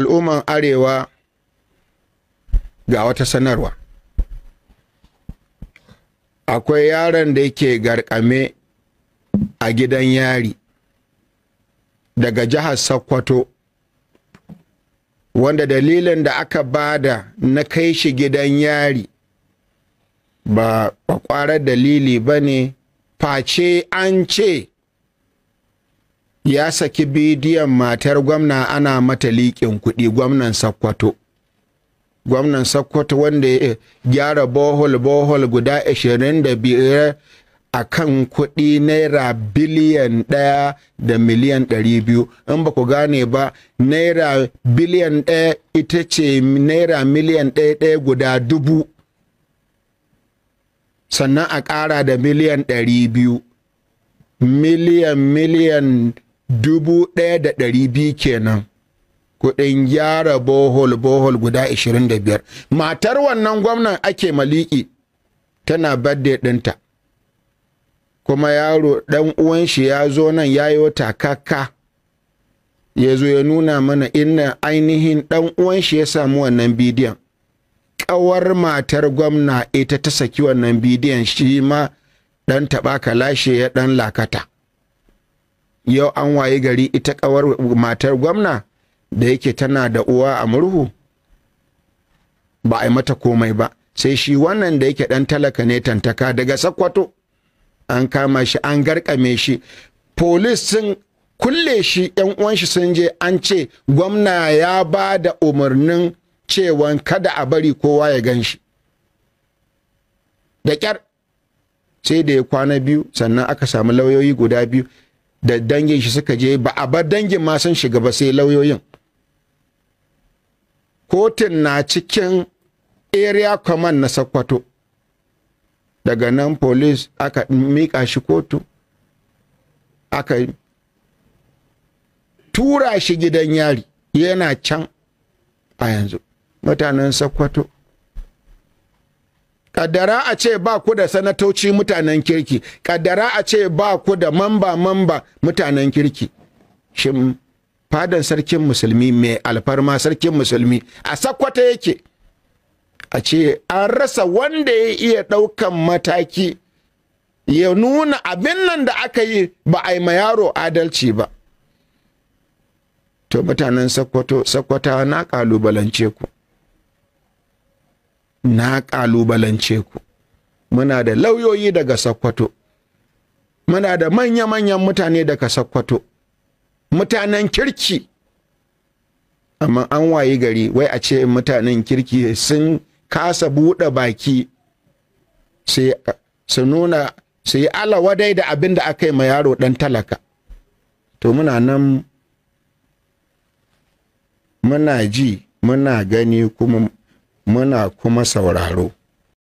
al'umman arewa ga wata sanarwa akwai yaron da yake garkame a gidan yari daga jihar sokoto wanda dalilin da aka bada na kai shi gidan yari ba kwakwarar dalili ba ne face an ce ya saki bidiyon matar gwamna ana mata liƙin kuɗi gwamnan sakkwato gwamnan sakkwato wanda ya eh, gyara bohol bohol guda 25 a kan kuɗi naira biliyan ɗaya da miliyan ɗari biyu in ba ku gane ba naira biliyan ɗaya ita ce naira miliyan ɗaya ɗaya guda dubu sannan a ƙara da miliyan ɗari biyu miliyan miliyan dubu ɗaya da ɗari biyu kenan kuɗin gyara bohol bohol guda ishirin da biyar matar wannan gwamnan ake maliki tana birthday ɗinta kuma yaro ɗan uwan shi ya zo nan ya yi wata kaka ya zo ya nuna mana Ina ainihin ɗan uwan shi ya samu wannan bidiyon ƙawar matar gwamna ita ta saki wannan bidiyon shi ma ɗan taɓa lashe ya ɗan lakata yau an wayi gari ita kawar matar gwamna da yake tana da uwa a murhu ba a yi mata komai ba sai shi wannan da yake dan talaka ne tantaka daga sakwato an kama shi an garkame shi polis sun kulle shi yan uwan shi sun je an ce gwamna ya ba da umarnin cewa kada a bari kowa ya gan shi da kyar sai da ya kwana biyu sannan aka samu lauyoyi guda biyu da dangin shi suka je ba a ba dangin ma sun shiga ba sai lauyoyin kotun na cikin area command na Sokoto daga nan police aka mika shi kotu aka tura shi gidan yari yana can a yanzu mutanen Sokoto kaddara a ce ba ku da sanatoci mutanen kirki kaddara a ce ba ku da mamba mamba mutanen kirki shin fadan sarkin musulmi mai alfarma sarkin musulmi a sakwata yake a ce an rasa wanda ya iya ɗaukan mataki ya nuna abin nan da aka yi ba a yi ma yaro adalci ba to mutanen sakwata na ƙalubalance ku na ƙalubalance ku muna da lauyoyi daga sakkwato muna da manya-manyan mutane daga sakkwato mutanen kirki amma an wayi gari wai a ce mutanen kirki sun kasa buɗe baki su nuna su yi da abin da aka yi ma yaro ɗan talaka to muna nan muna ji muna gani kuma muna kuma sauraro